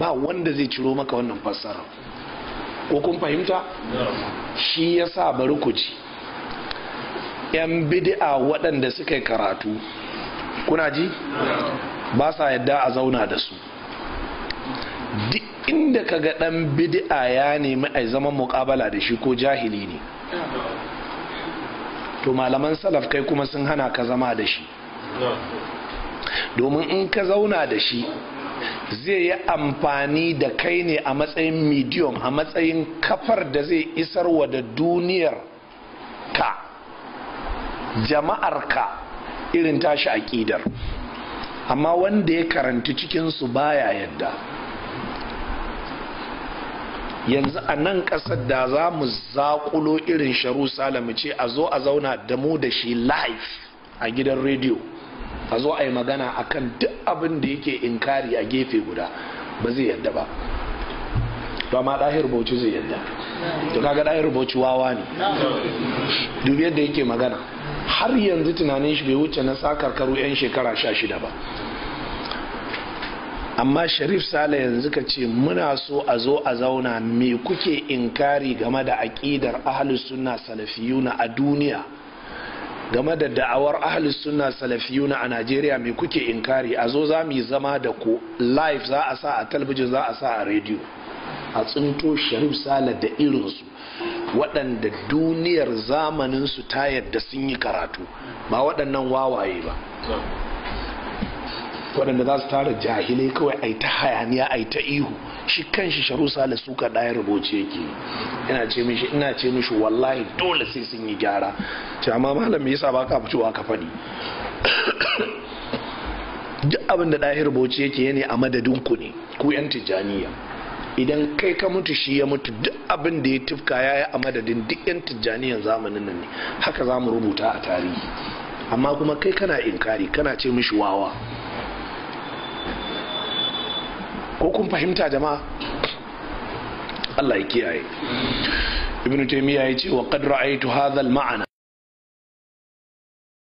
ba wanda zai ciro maka wannan fassara ko kun fahimta shi ya sa bari ku ji yan bidi'a waɗanda suka yi karatu kuna ji ba sa yadda a zauna da su duk inda ka ga ɗan bid'a ya nemi a zaman muƙabala da shi ko jahili ne to malaman salaf kai kuma sun hana ka zama da shi domin in ka zauna da shi zai yi amfani da kai ne a matsayin medium a matsayin kafar da zai isar wa da duniyar ka jama'ar ka irin tashi aƙidar amma wanda ya karanta cikinsu baya yadda yanzu a nan ƙasar da za mu zaƙulo irin sharu salamu ce a zo a zauna da mu da shi live a gidan rediyo a zo a yi magana akan duk abin da yake inkari a gefe guda ba zai yadda ba ba ma ɗahir bauchi zai yadda to kaga ɗahir bauchi wawa ne dubi yadda yake magana har yanzu tunanin shi bai wuce na sakarkaru 'yan shekara sha shida ba amma sharif sale yanzu ka ce muna so a zo a zauna me kuke inkari game da aƙidar ahalus sunna salafiyuna a duniya game da da'awar ahlus sunna salafiyuna a Najeriya me kuke inkari a zo za mu yi zama da ku live za a sa a talabijin za a sa a rediyo a tsinto sharif sala da irinsu waɗanda duniyar zamaninsu ta yadda sun yi karatu ba waɗannan wawaye ba waɗanda za su tara jahilai kawai a yi ta hayaniya a yi ta ihu shi kan shi sharu sale suka ɗaya rubuce yake ina ce mishi ina ce mishi wallahi dole sai sun yi gyara ce amma malam me yasa ba ka fitowa ka faɗi duk abin da ɗaya rubuce yake ne a madadin ku ne ku yan tijjaniya idan kai ka mutu shi ya mutu duk abin da ya tufka ya yi a madadin duk yan tijjaniyan zamanin nan ne haka za mu rubuta a tarihi amma kuma kai kana inkari kana ce mishi wawa ko kun fahimta jama'a Allah ya kiyaye ibnu taymiya yace wa qad ra'aytu hadha al-ma'ana